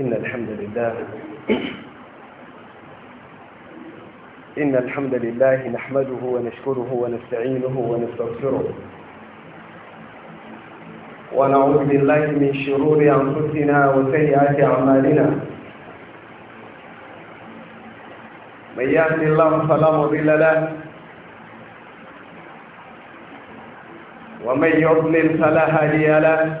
إن الحمد لله إن الحمد لله نحمده ونشكره ونستعينه ونستغفره ونعوذ بالله من شرور أنفسنا وسيئات أعمالنا من يهد الله فلا مضل له ومن يضلل فلا هادي له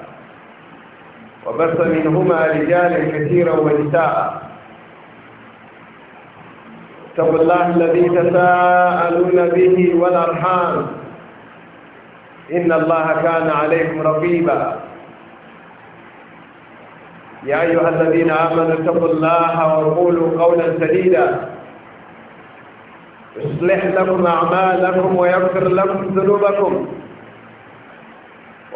وبث منهما رجالا كثيرا ونساء اتقوا الله الذي تساءلون به والارحام ان الله كان عليكم رقيبا يا ايها الذين امنوا اتقوا الله وقولوا قولا سديدا يصلح لكم اعمالكم ويغفر لكم ذنوبكم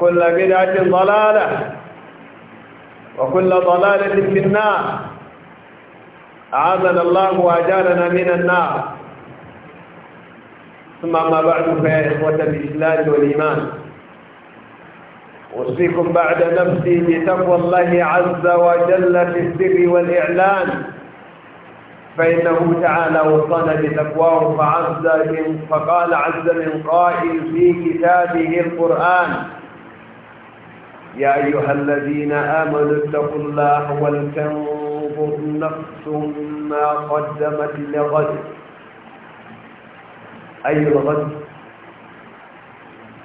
وكل بدعة ضلالة وكل ضلالة في النار أعاذنا الله وأجارنا من النار ثم ما بعد فيا إخوة الإسلام والإيمان أوصيكم بعد نفسي بتقوى الله عز وجل في السر والإعلان فإنه تعالى وصانا بتقواه فعز من فقال عز من قائل في كتابه القرآن يا أيها الذين آمنوا اتقوا الله ولتنظر نفس ما قدمت لغد أي الغد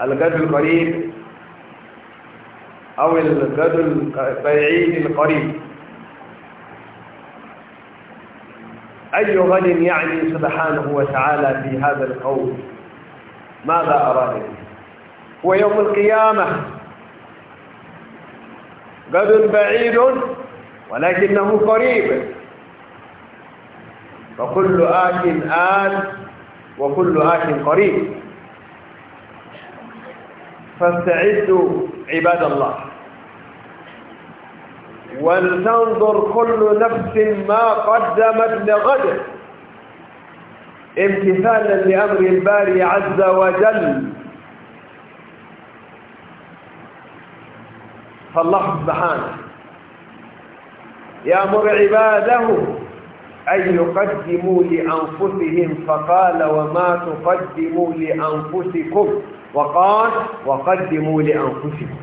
الغد القريب أو الغد البعيد القريب أي غد يعني سبحانه وتعالى في هذا القول ماذا أراد هو يوم القيامة غد بعيد ولكنه قريب فكل آت آل وكل آت قريب فاستعدوا عباد الله ولتنظر كل نفس ما قدمت لغد امتثالا لأمر الباري عز وجل فالله سبحانه يأمر عباده أن يقدموا لأنفسهم فقال وما تقدموا لأنفسكم وقال وقدموا لأنفسكم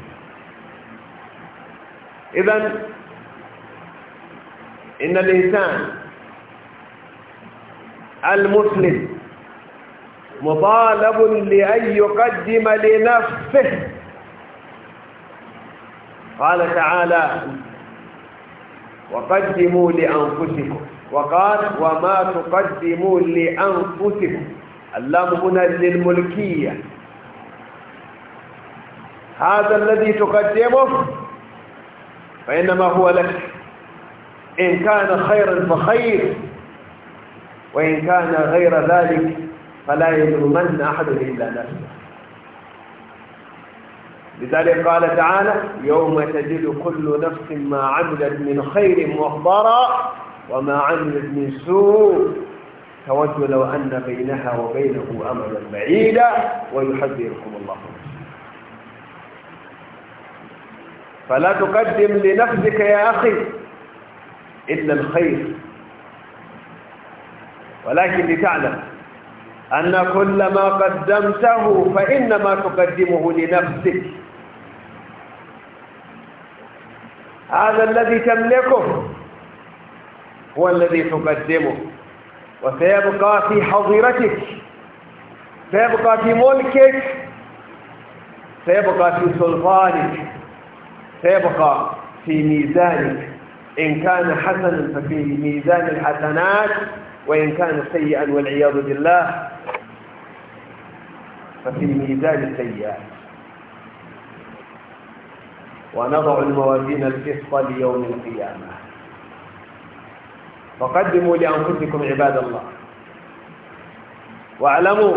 إذا إن الإنسان المسلم مطالب لأن يقدم لنفسه قال تعالى وقدموا لأنفسكم وقال وما تقدموا لأنفسكم اللام هنا للملكية هذا الذي تقدمه فإنما هو لك إن كان خيرا فخير وإن كان غير ذلك فلا يظلمن أحد إلا نفسه لذلك قال تعالى يوم تجد كل نفس ما عملت من خير مخبرا وما عملت من سوء تود لو أن بينها وبينه أمدا بعيدا ويحذركم الله فلا تقدم لنفسك يا أخي إلا الخير ولكن لتعلم أن كل ما قدمته فإنما تقدمه لنفسك هذا الذي تملكه هو الذي تقدمه وسيبقى في حظيرتك سيبقى في ملكك سيبقى في سلطانك سيبقى في ميزانك إن كان حسنا ففي ميزان الحسنات وإن كان سيئا والعياذ بالله ففي ميزان السيئات ونضع الموازين القسط ليوم القيامة فقدموا لأنفسكم عباد الله واعلموا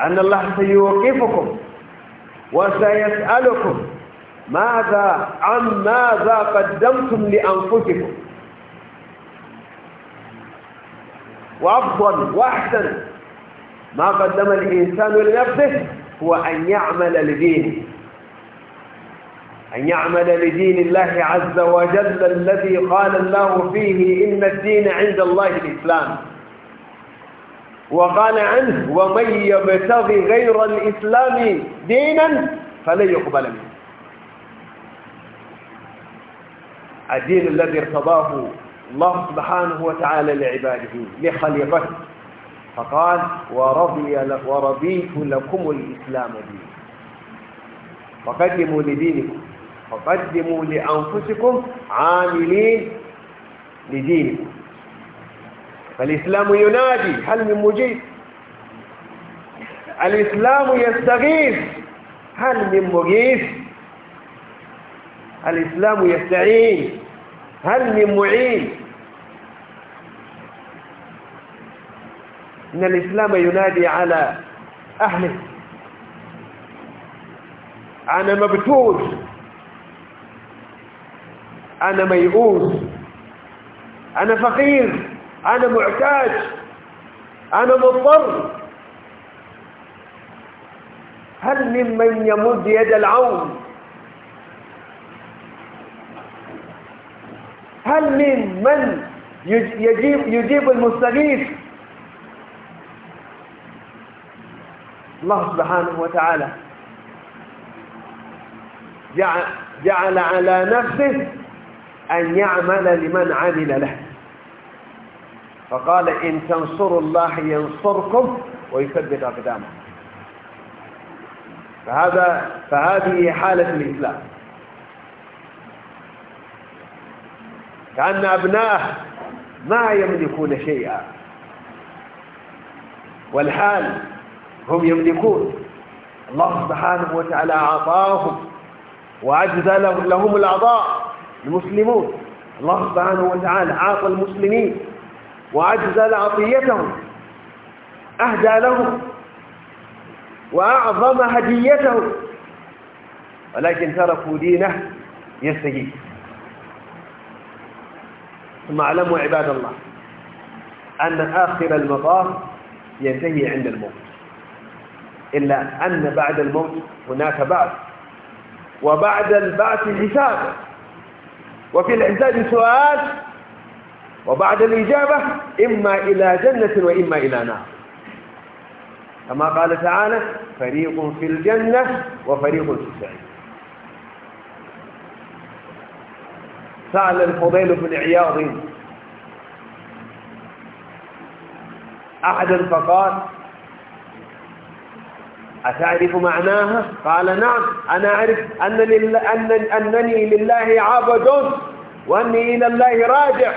أن الله سيوقفكم وسيسألكم ماذا عن ماذا قدمتم لأنفسكم وأفضل وأحسن ما قدم الإنسان لنفسه هو أن يعمل لدينه أن يعمل لدين الله عز وجل الذي قال الله فيه إن الدين عند الله الإسلام وقال عنه ومن يبتغي غير الإسلام دينا فلن يقبل منه الدين الذي ارتضاه الله سبحانه وتعالى لعباده لخليقته فقال ورضي ورضيت لكم الإسلام دينا فقدموا لدينكم فقدموا لأنفسكم عاملين لدينكم فالإسلام ينادي هل من مجيب الإسلام يستغيث هل من مغيث الإسلام يستعين هل من معين إن الإسلام ينادي على أهله أنا مبتوش أنا ميؤوس أنا فقير أنا معتاج أنا مضطر هل ممن يمد يد العون هل من من يجيب, يجيب المستغيث الله سبحانه وتعالى جعل على نفسه أن يعمل لمن عمل له فقال إن تنصروا الله ينصركم ويثبت أقدامكم فهذا فهذه حالة الإسلام كأن أبناءه ما يملكون شيئا والحال هم يملكون الله سبحانه وتعالى أعطاهم وأجزى لهم الأعضاء المسلمون الله سبحانه وتعالى أعطى المسلمين وأجزل عطيتهم أهدى لهم وأعظم هديتهم ولكن تركوا دينه يستجيب ثم اعلموا عباد الله أن آخر المطاف ينتهي عند الموت إلا أن بعد الموت هناك بعث وبعد البعث حساب وفي الإعداد سؤال وبعد الإجابة إما إلى جنة وإما إلى نار كما قال تعالى فريق في الجنة وفريق في السعير سأل الفضيل بن عياض أحدا فقال أتعرف معناها قال نعم أنا أعرف أنني, أنني, أنني لله عبد وأني إلى الله راجع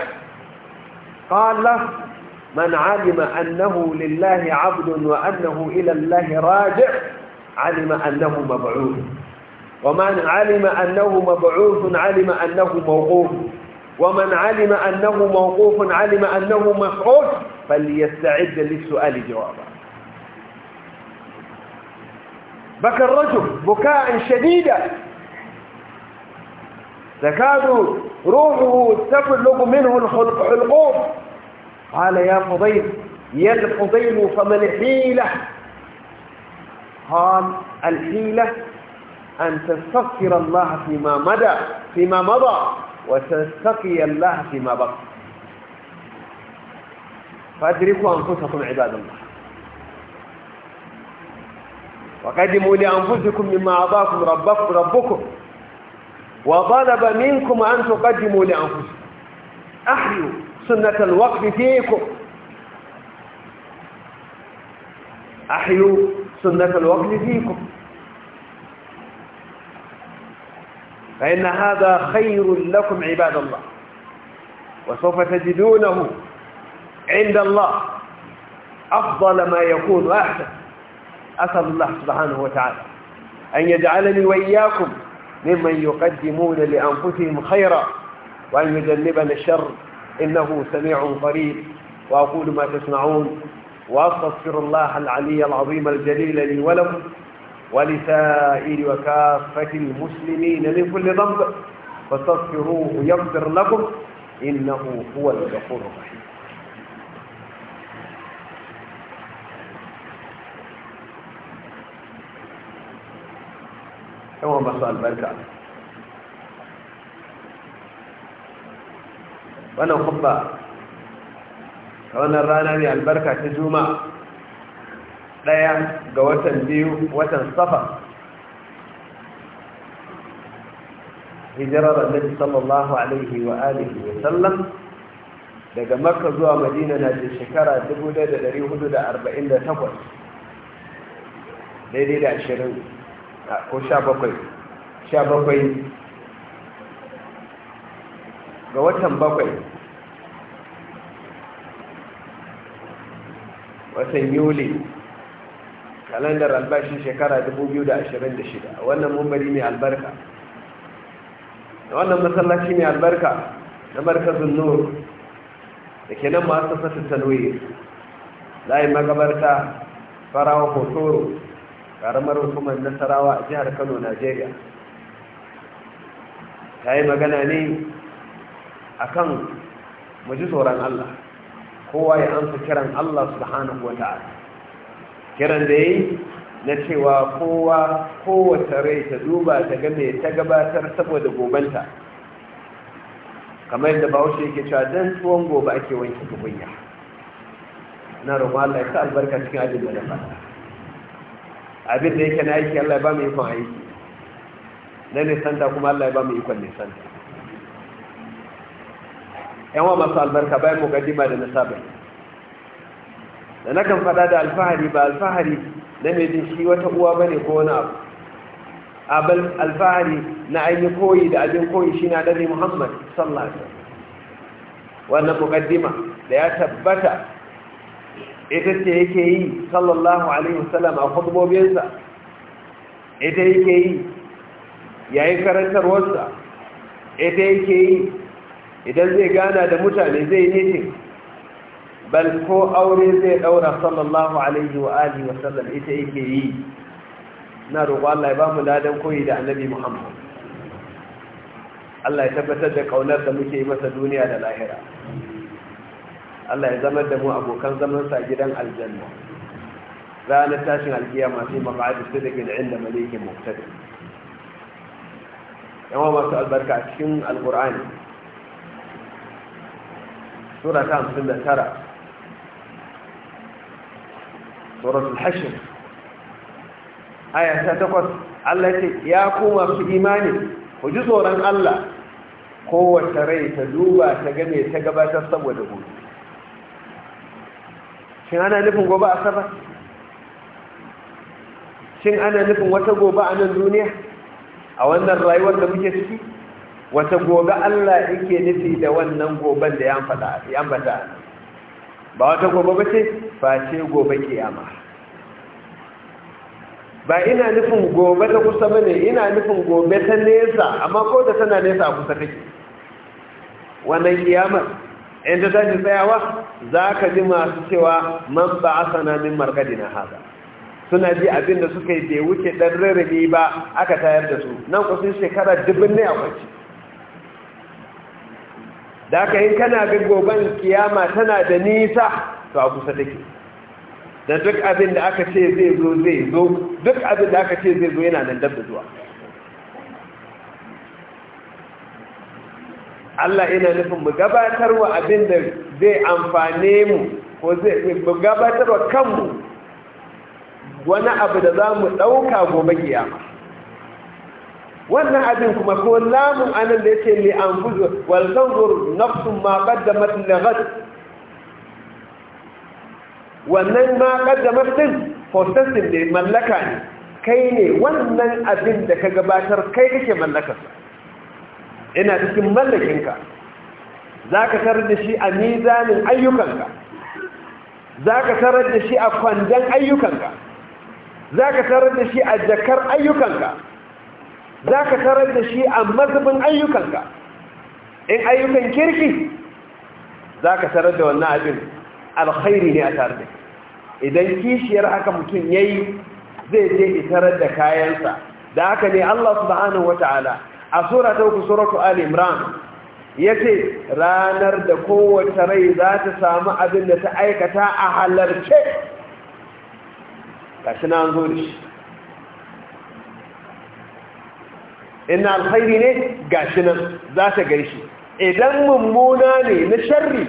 قال له من علم أنه لله عبد وأنه إلى الله راجع علم أنه مبعوث ومن علم أنه مبعوث علم أنه موقوف ومن علم أنه موقوف علم أنه مفعول فليستعد للسؤال جوابا بكى الرجل بكاء شديدا تكاد روحه تفلق منه الحلقوم قال يا فضيل يا فضيل فما الحيلة قال الحيلة أن تستغفر الله فيما مضى فيما مضى وتتقي الله فيما بقي فأدركوا أنفسكم عباد الله وقدموا لأنفسكم مما أعطاكم ربكم ربكم وطلب منكم أن تقدموا لأنفسكم أحيوا سنة الوقف فيكم أحيوا سنة الوقف فيكم فإن هذا خير لكم عباد الله وسوف تجدونه عند الله أفضل ما يكون أحسن أسأل الله سبحانه وتعالى أن يجعلني وإياكم ممن يقدمون لأنفسهم خيرا وأن يجنبنا الشر إنه سميع قريب وأقول ما تسمعون وأستغفر الله العلي العظيم الجليل لي ولكم ولسائر وكافة المسلمين من كل ذنب فاستغفروه يغفر لكم إنه هو الغفور الرحيم yawan masu albarka wannan kubba a wannan rana ne albarka ta juma daya ga watan biyu watan safa hijirar annabi sallallahu alaihi wa alihi wa sallam daga makka zuwa madina na da shekara 1448 daidai da ashirin. ko sha bakwai sha bakwai ga watan bakwai watan yuli kalandar albashi shekara 2026 wannan mumbari mai albarka da wannan masallaci mai albarka na markazin nur da ke nan masu sassa talwe layin magabarta farawa hotoro karamar hukumar nasarawa a jihar kano najeriya ta yi magana ne a kan maji tsoron allah kowa ya amsa kiran allah subhanahu wa wata kiran da yi na cewa kowa kowace rai ta duba ta game ta gabatar saboda gobanta kamar yadda bahaushe yake cewa don tuwon gobe ake wanke tukunya na roƙon allah ya sa albarka cikin ajin da na fata abin da yake na aiki Allah ya ba mu ikon aiki na nisanta kuma Allah ya ba mu ikon nisanta wa masu albarka bayan mukaddima da nasabai da na kan fada da alfahari ba alfahari na mai jin shi wata uwa ba ne ko wani abu abin alfahari na ainihin koyi da abin koyi shi na dare muhammad sallallahu alaihi wannan mukaddima da ya tabbata ita ce yake yi sallallahu alaihi wasallam a khutbobinsa ita yake yi yayin karantarwarsa ita yake yi idan zai gana da mutane zai nitin bal ko aure zai daura sallallahu alaihi wa alihi wasallam ita yake yi na roƙo Allah ya ba mu ladan koyi da annabi Muhammad Allah ya tabbatar da kaunar da muke yi masa duniya da lahira Allah ya zama da mu abokan zamansa sa gidan aljanna ranar tashin alkiyama sai maqadi sadiqin inda malikin muqtadi yawa masu albarka a cikin alqur'ani sura ta hamsin da 59 suratul hashr aya ta takwas. Allah ce ya koma masu imani ku ji tsoron Allah kowace rai ta duba ta game ta gabatar saboda gudu. shin ana nufin gobe asabar shin ana nufin wata gobe a nan duniya a wannan rayuwar da muke ciki wata gobe Allah yake nufi da wannan goben da ya fada ya bada ba wata gobe ba ce face gobe kiyama ba ina nufin gobe ta kusa bane ina nufin gobe ta nesa amma ko da tana nesa a kusa take wannan kiyamar in ta tashi tsayawa za ka ji masu cewa man ba a markadi na haza suna ji abin da suka yi bai wuce ɗan rarrabe ba aka tayar da su nan kusan shekara dubin ne a kwanci da aka yi kana bin goban kiyama tana da nisa to a kusa take da duk abin da aka ce zai zo zai zo duk abin da aka ce zai zo yana nan dab zuwa Allah ina nufin mu gabatarwa abin da zai amfane mu ko zai mu gabatarwa kanmu wani abu da za mu ɗauka gobe kiyama wannan abin kuma ko lamun anan da yake ne an fuzo wal tanzur nafsun ma qaddamat li wannan ma qaddamat din possession da mallaka ne kai ne wannan abin da ka gabatar kai kake mallakar ina cikin mallakinka za ka tarar da shi a nizanin ayyukanka za ka tarar da shi a kwandon ayyukanka za ka tarar da shi a jakar ayyukanka za ka tarar da shi a mazubin ayyukanka in ayyukan kirki za ka tarar da wannan abin alkhairi ne a tare da idan kishiyar haka mutum ya yi zai je tarar da kayansa da haka ne allah subhanahu wa ta'ala a sura ta uku suratu ali imran yace ranar da kowace rai za ta samu abin da ta aikata a halarce Ka na an zo shi ina alkhairi ne Ga shi nan za ta gaishe. idan mummuna ne na sharri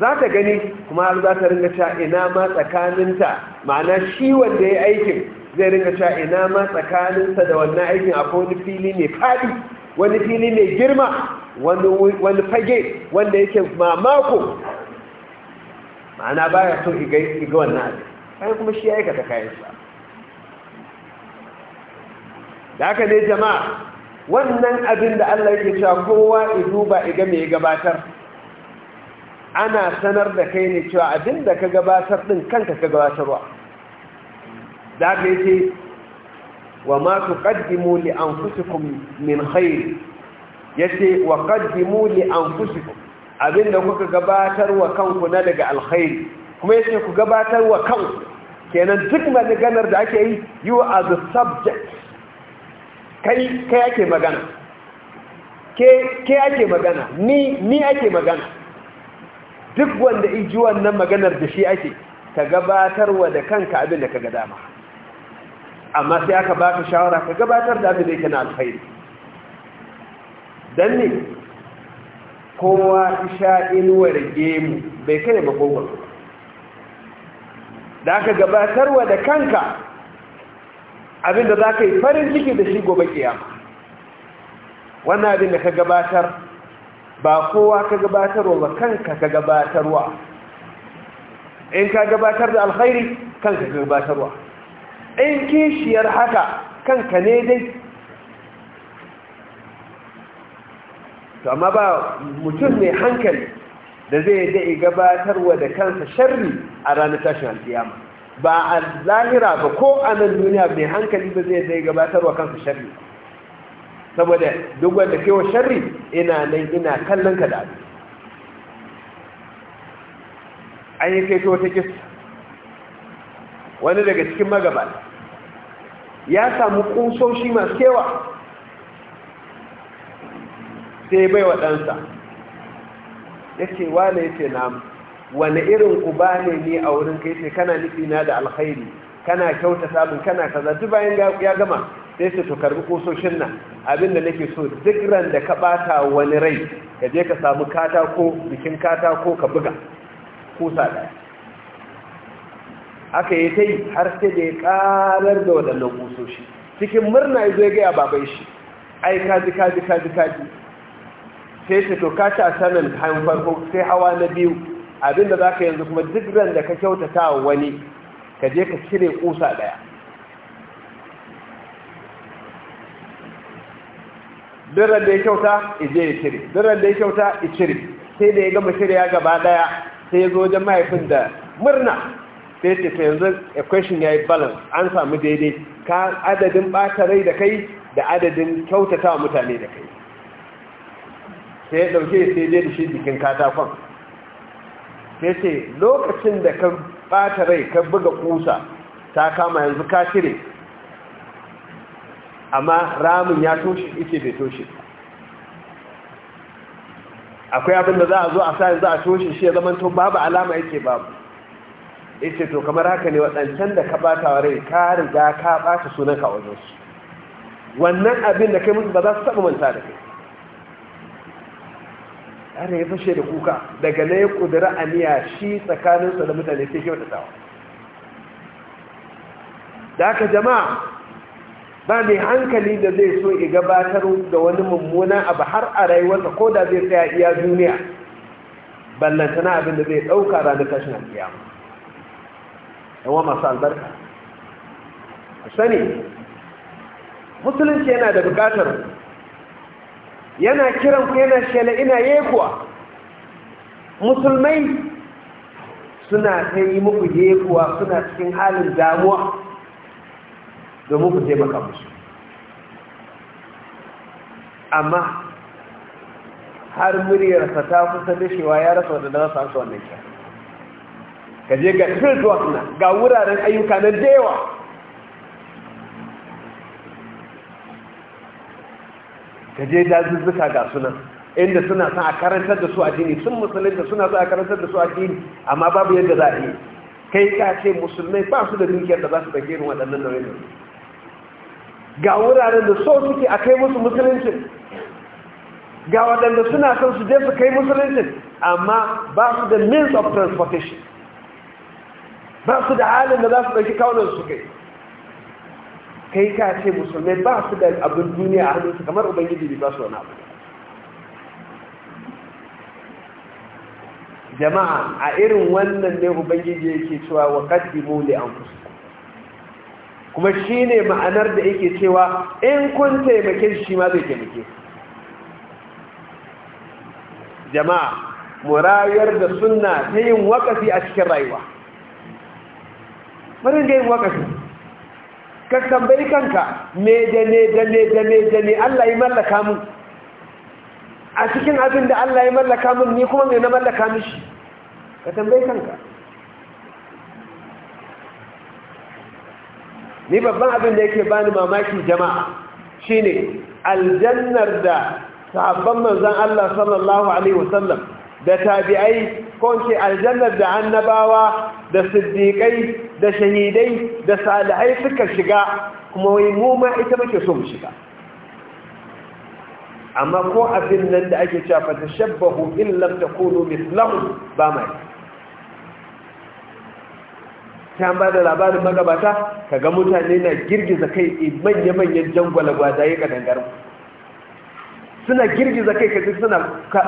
za ta gani kuma har za ta ringa ta ina ma tsakaninta ma'ana shi wanda ya aikin zai rinka cewa ina ma tsakaninsa da wannan aikin akwai wani fili mai fadi, wani fili mai girma wani fage wanda yake mamako ma'ana baya so iga wannan abin bayan kuma shi ya aikata kayansa da haka ne jama'a wannan abin da allah yake cewa kowa iduba iga mai gabatar ana sanar da kai ne cewa abin da ka gabatar din kanka ka gabatarwa da ce wa ma su kaddimu li an min khairi ya ce wa kaddimu li an fusikun abinda kuka gabatar wa kanku na daga alkhairi kuma ya ce ku gabatar wa kanku kenan duk maganar da ake yi you are the subject kai kai ake magana ke ke ake magana ni ni ake magana duk wanda iji wannan maganar da shi ake ka gabatarwa da kanka abin da ka ga dama amma sai aka ba ka shawara ka gabatar da abin da yake na alkhairi dan ne kowa isha inuwar gemu bai kai makogon da aka gabatarwa da kanka abin da za ka yi farin ciki da shi gobe kiyama wannan abin da ka gabatar ba kowa ka gabatarwa ba kanka ka gabatarwa in ka gabatar da alkhairi kanka ka gabatarwa in kishiyar haka kanka ne dai to amma ba mutum mai hankali da zai da'i gabatarwa da kansa sharri a ranar tashin alkiyama ba a zahira ba ko a nan duniya mai hankali ba zai da'i gabatarwa kansa sharri saboda duk wanda ke wa sharri ina nan ina kallon ka da abu an yi kai wata kisa wani daga cikin magabata ya samu kusoshi masu kewa sai bai wa ɗansa ya ce wane ya ce na wane irin uba ne ni a wurin kai ce kana nufina da alkhairi kana kyauta samun kana kazantu bayan ya gama sai su to kusoshin nan abinda nake so duk ran da ka bata wani rai ka je ka samu katako bikin katako ka buga kusa ɗaya aka yi ta yi har sai da ya karar da waɗannan kusoshi cikin murna ya zo ya gaya baban shi ai kaji kaji kaji kaji sai ce to ka a sanin hain farko sai hawa na biyu abinda za ka yanzu kuma duk ran da ka kyautata wa wani ka je ka cire kusa ɗaya duk da ya kyauta ije ya cire duk da ya kyauta ya cire sai da ya gama shirya gaba ɗaya sai ya zo wajen mahaifin da murna sai ce to yanzu equation yi balance an samu daidai ka adadin ɓata rai da kai da adadin kyautata mutane da kai sai ya ɗauke sai dai da shi jikin katakon sai ce lokacin da ka ɓata rai ka buga kusa ta kama yanzu ka cire amma ramin ya toshe ike bai toshe akwai abin da za a zo a sa yanzu a toshe shi ya zama to babu alama yake babu yace to kamar haka ne waɗancan da ka bata wa rai ka riga ka bata sunanka ka wajen su wannan abin da kai musu ba za su taɓa manta da kai ana ya fashe da kuka daga na ya ƙudura aniya shi tsakaninsa da mutane sai kyau da tawa da haka jama'a ba mai hankali da zai so ya gabatar da wani mummuna abu har a rayuwarsa ko da zai tsaya iya duniya ballantana abin da zai ɗauka ranar tashin alkiyama yawa masu albarka A sani musulunci yana da bukatar yana kiran ku yana shela ina yekuwa musulmai suna ta yi muku yekuwa suna cikin halin damuwa domin ku taimaka musu amma har muryarsa ta kusa dashewa ya rasa wadanda rasa su wannan ka je ga fieldwork na ga wuraren ayyuka na dewa ka je dazuzzuka ga suna inda suna sa a karantar da su a jini sun musulunta suna sa a karantar da su a jini amma babu yadda za a yi kai ka ce musulmai ba su da dukiyar da za su ɗauke irin waɗannan nauyin ga wuraren da so suke a kai musu musuluncin ga waɗanda suna son su je su kai musuluncin amma ba su da means of transportation ba su da halin da za su ɗauki kaunar su kai kai ka ce musulmai ba su da abin duniya a hannunsu kamar ubangiji ba su wani abu jama'a a irin wannan ne ubangiji yake cewa wa kaddimu li anfusikum kuma shine ma'anar da yake cewa in kun taimake shi ma zai taimake jama'a murayar da sunna ta yin wakafi a cikin rayuwa marin da yin wakafi ka tambayi kanka me da ne da ne da ne da ne Allah ya mallaka mun a cikin abin da Allah ya mallaka mun ni kuma me na mallaka mishi ka tambayi kanka ni babban abin da yake bani mamaki jama'a shine aljannar da sahabban manzon Allah sallallahu alaihi wasallam da tabi'ai ko ce aljannar da annabawa da siddiqai da shahidai da salihai suka shiga kuma wai mu ma ita muke so mu shiga amma ko abin nan da ake cewa fa shabbahu, in lam takunu mithlahu ba mai ta ba da labarin magabata kaga mutane na girgiza kai manya-manyan jangwala gwadaye kadangarin suna girgiza kai kaji suna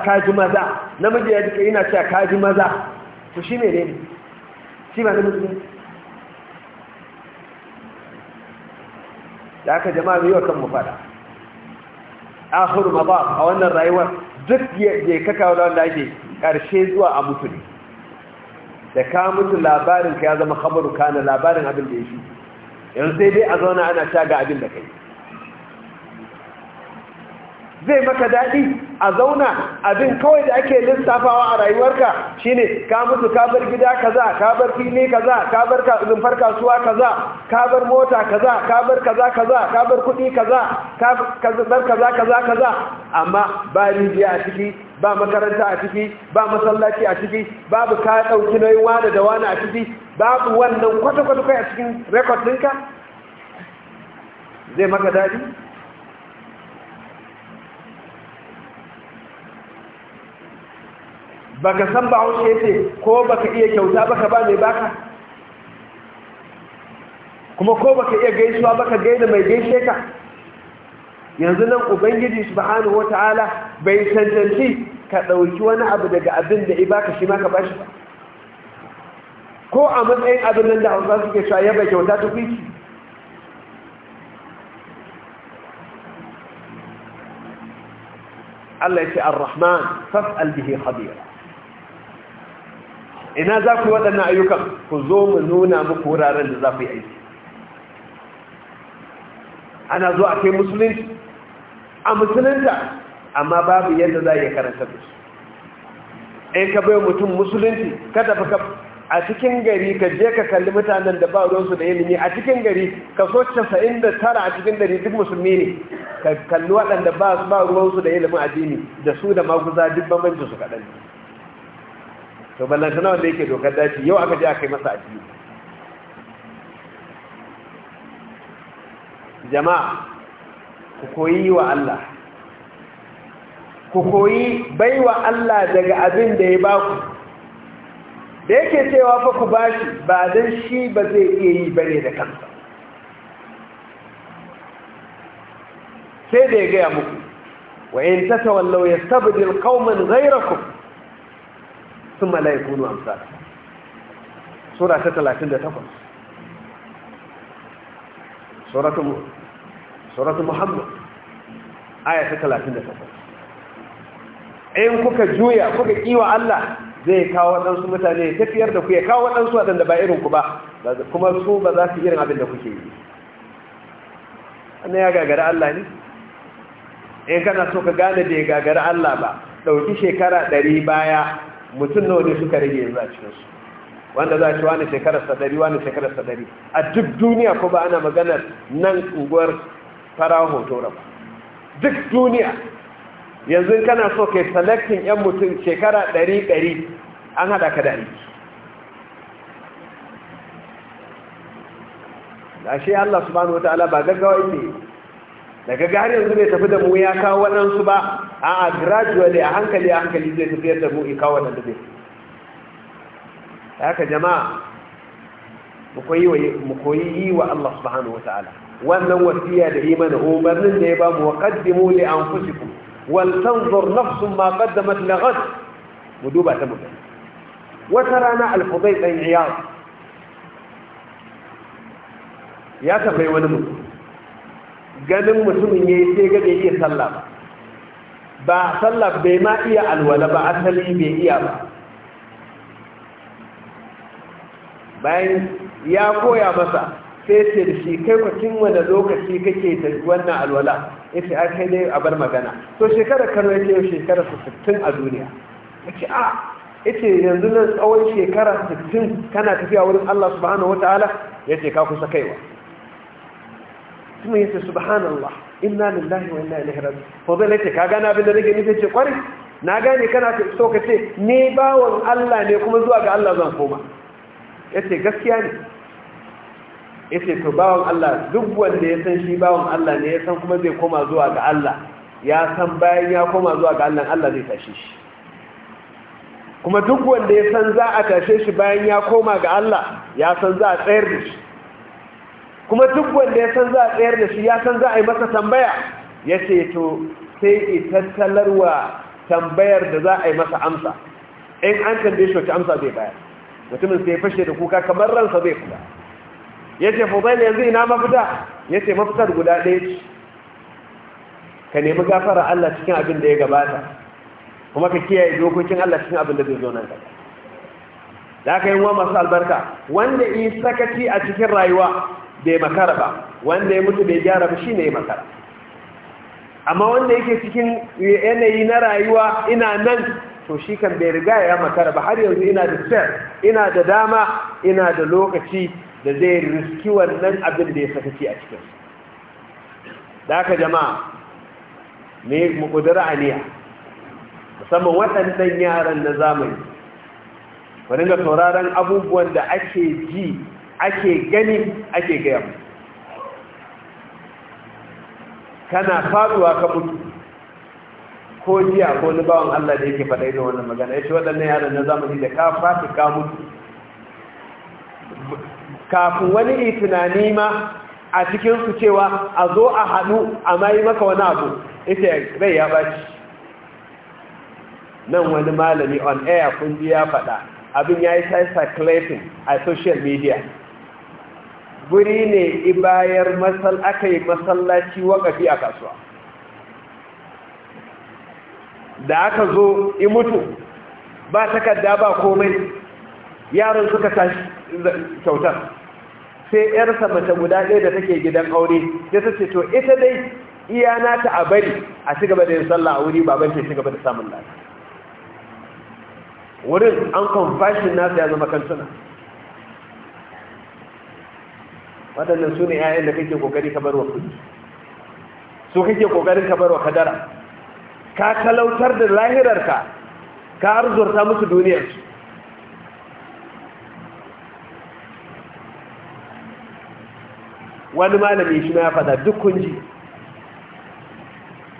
kaji maza namiji ya jika yana cewa kaji maza to shi ne ne shi ba na musulunci da aka jama'a mai yi wa kanmu fada a akhir ba a wannan rayuwar duk ya kawo da wanda ake karshe zuwa a mutu ne da ka mutu labarin ka ya zama khabaru kana labarin abin da ya shi yanzu sai dai a zauna ana ta ga abin da kai zai maka daɗi a zauna abin kawai da ake lissafawa a rayuwarka shine ka mutu ka bar gida kaza ka bar fili kaza ka bar zunfar kasuwa kaza ka bar mota kaza ka bar kaza kaza ka bar kuɗi kaza ka bar kaza kaza kaza amma ba rijiya a ciki ba makaranta a ciki ba masallaci a ciki babu ka ɗauki nauyin wani da wani a ciki babu wannan kwata-kwata kai a cikin rekod ɗinka zai maka daɗi Ba ka san ba haushe yace ko ka iya kyauta ba ka ba mai baka kuma ko baka iya gaisuwa ba baka gaida mai gaishe ka yanzu nan ubangiji subhanahu wataala bai cancanci ka ɗauki wani abu daga abin da i baka shi ma ka bashi ba ko a matsayin abin nan da hausa suke shaye bai kyauta ta kwiki Allah ya ce ar-rahman fas'al bihi khabira ina za ku yi waɗannan ayyukan ku zo mu nuna muku wuraren da za ku yi aiki ana zo a kai musulunci a musulunta amma babu yadda za a iya karanta da su in ka bai mutum musulunci ka tafi ka a cikin gari ka je ka kalli mutanen da ba ruwansu da ilimi a cikin gari ka so casa'in da tara a cikin gari duk musulmi ne ka kalli waɗanda ba ruwansu da ilimin addini da su da maguza duk bambanci su kaɗan to nawa wanda yake dokar dace, yau aka je aka yi masa addini jama'a ku koyi wa Allah ku koyi baiwa Allah daga abin da ya baku da yake cewa fa ku bashi ba dan shi ba zai iya yi bane da kansa sai da ya gaya muku wa in tatawallaw yastabdil qauman ghayrakum sun malaye kunu amsa sura ta takwas, suratu muhammad aya ta takwas. in kuka juya kuka kiwa Allah zai kawo waɗansu mutane tafiyar da ku ya kawo waɗansu waɗanda ba irinku ba kuma su ba za su irin abin da kuke yi Wannan ya gagara Allah ne in kana so ka gane da ya gagara Allah ba ɗauki shekara ɗari baya mutum nawa ne suka rage yanzu a cikinsu wanda za shi wani shekarar sadari wani shekarar sadari a duk duniya ko ba ana maganar nan unguwar farawa hoto ba duk duniya yanzu kana so kai selectin yan mutum shekara ɗari ɗari an haɗa ka da aiki ashe Allah subhanahu ta'ala ba gaggawa ne daga gari yanzu bai tafi da mu ya kawo waɗansu ba a a gradually a hankali a hankali zai tafi yadda mu ya kawo waɗanda zai haka jama'a mu koyi yi wa Allah subhanahu wa ta'ala wannan wasiya da yi mana umarnin da ya ba mu wa qaddimu li anfusikum wal tanzur nafsun ma qaddamat na gas. mu duba ta mu wata rana al-fudayl ibn ya tafai wani mutum ganin mutumin ya yi sai gaɗe iya sallah ba ba sallah bai ma iya alwala ba asali bai iya ba bayan ya koya masa sai ce da shi kai mutum wani lokaci kake da wannan alwala ya ce a kai ne a bar magana to shekarar kano ya ce yau su sittin a duniya ya ce a ah! ya ce yanzu nan tsawon shekarar sittin kana tafiya wurin allah subhanahu wa ta'ala ya ce ka kusa kaiwa kuma ya subhanallah inna lillahi wa inna ilaihi raji fozon ya ce ka gane abin da nake nufi ce kwari na gane kana so ka ce ne bawon Allah ne kuma zuwa ga Allah zan koma yace gaskiya ne yace to bawan Allah duk wanda ya san shi bawan Allah ne ya san kuma zai koma zuwa ga Allah ya san bayan ya koma zuwa ga Allah Allah zai tashe shi kuma duk wanda ya san za a tashe shi bayan ya koma ga Allah ya san za a tsayar da shi kuma duk wanda ya san za a tsayar da shi ya san za a yi masa tambaya ya ce to sai tattalarwa tambayar da za a yi masa amsa in an tambaye shi wacce amsa zai bayar mutumin sai fashe da kuka kamar ransa zai kula ya ce fuzail yanzu ina mafita ya ce mafitar guda ɗaya ce ka nemi gafara Allah cikin abin da ya gabata kuma ka kiyaye dokokin Allah cikin abin da zai zo nan gaba da aka yi wa masu albarka wanda yi sakaci a cikin rayuwa bai makara ba wanda ya mutu bai gyara ba shi ne ya makara amma wanda yake cikin yanayi na rayuwa ina nan to shi kan bai riga ya makara ba har yanzu ina da tsar ina da dama ina da lokaci da zai riski wannan abin da ya sakaci a cikin da aka jama'a ne mu kudura aniya musamman waɗannan yaran na zamani ku dinga sauraron abubuwan da ake ji ake gani ake gaya kana faruwa ka mutu ko jiya ko wani bawan Allah da yake faɗa irin wannan magana yace waɗannan yaran na zamani da ka fasu ka mutu kafin wani tunani ma a cikin su cewa a zo a haɗu a mayi maka wani abu ita rai ya baci nan wani malami on air kun ji ya faɗa abin ya yi cycling a social media guri ne ibayar masal aka yi masallaci wakafi a kasuwa da aka zo i mutu ba takarda ba komai yaron suka tashi kyautar sai yarsa mace guda ɗaya da take gidan aure ya sace to ita dai iya nata a bari a ci gaba da yin sallah a wuri baban ke ci gaba da samun lafiya wurin an fashin nasa ya zama kantuna waɗannan su ne 'ya'yan da kake kokari ka barwa kudi su kake ƙoƙari ka barwa kadara ka talautar da lahirarka ka arzurta musu duniyarsu wani malami shi ya fada duk kunji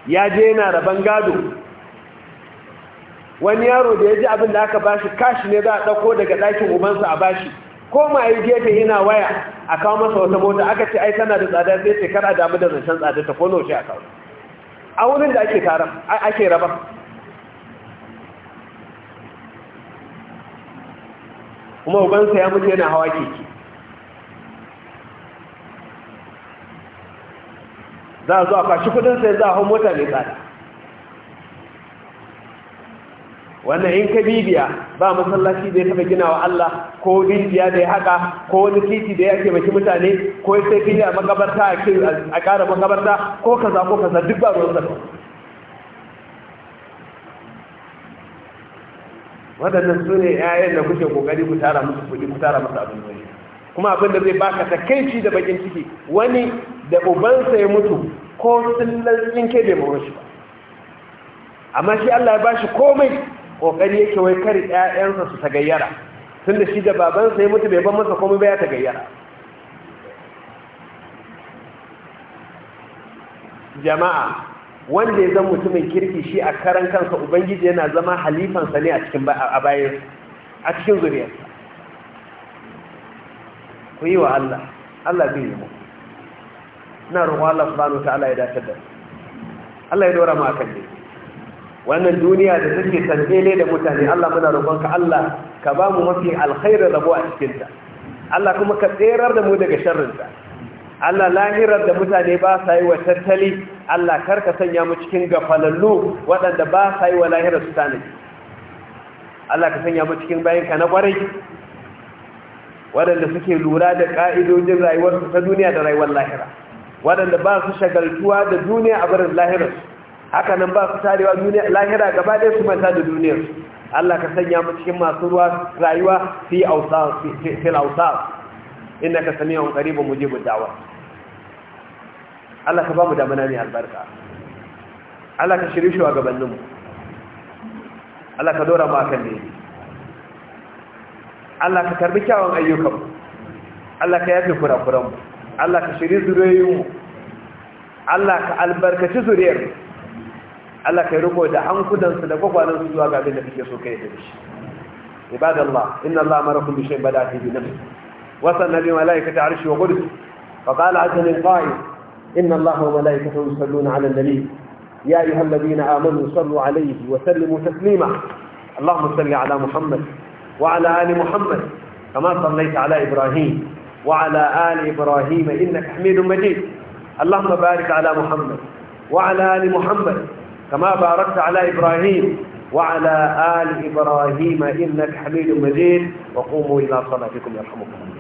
ya je yana rabon gado wani yaro da ya ji abin da aka bashi kashi ne za a ɗauko daga ɗakin umarsa a bashi koma yi gefe yana waya a kawo masa wata mota aka ce ai tana da tsada sai ce kar a damu da zancen tsada ta ko shi a kawo a wurin da ake taron ake raba kuma ubansa ya mutu yana hawa keke za a zo a kashi kudin sai za a hau mota mai tsada wannan in ka bibiya ba masallaci da ya taba gina wa Allah ko rijiya da ya haka ko wani titi da ya taimaki mutane ko ya sai fili a makabarta a ƙara makabarta ko kaza ko kaza duk ba ruwan zafi waɗannan su ne 'ya'yan da kuke ƙoƙari ku tara musu kuɗi ku tara musu abin wani kuma abin da zai baka shi da bakin ciki wani da ubansa ya mutu ko tsillan ke bai mawar shi ba amma shi Allah ya bashi komai ƙoƙari yake wai kar 'ya'yansa su tagayyara da shi da babansa ya mutu bai ban masa komai baya ta tagayyara jama'a wanda ya zama mutumin kirki shi a karan kansa ubangiji yana zama halifansa ne a cikin bayan a cikin zuriyarsa ku yi wa Allah Allah zai yi mu na ruwa Allah subhanahu wa ta'ala ya dace da Allah ya dora mu akan dai wannan duniya da take tantele da mutane Allah muna ka Allah ka ba mu mafi alkhairin rabo a cikinta Allah kuma ka tserar da mu daga sharrinta Allah lahirar da mutane ba sa yi wa tattali Allah kar ka sanya mu cikin gafalallu waɗanda ba sa yi wa lahirar su tanadi Allah ka sanya mu cikin ka na ƙwarai waɗanda suke lura da ƙa'idojin rayuwarsu ta duniya da rayuwar lahira waɗanda ba su shagaltuwa da duniya a barin lahirarsu haka nan ba su tarewa duniya lahira gaba ɗaya su manta da duniyar Allah ka sanya mu cikin masu ruwa rayuwa fi ausa fi ausa innaka samiyun qaribun mujibud da'wa Allah ka ba mu damana mai albarka Allah ka shirye shi wa gabanin mu Allah ka dora mu akan ne Allah ka karbi kyawun ayyukan mu Allah ka yafe kurakuran mu Allah ka shirye zuriyoyin mu Allah ka albarkaci zuriyar mu Allah kai riko da hankudansu da kwakwalansu zuwa ga abin da kake so kai da shi ibadallah inna Allah amarakum bi shay'in bada fi nafsi wa sanna bi malaikati arshi wa qudus fa qala azza min qa'il inna Allah wa malaikatahu yusalluna 'ala an-nabi ya ayyuhalladhina amanu sallu 'alayhi wa sallimu taslima اللهم صل على محمد وعلى ال محمد كما صليت على ابراهيم وعلى ال ابراهيم انك حميد مجيد اللهم بارك على محمد وعلى ال محمد كما باركت على إبراهيم وعلى آل إبراهيم إنك حميد مجيد وقوموا إلى صلاتكم يرحمكم الله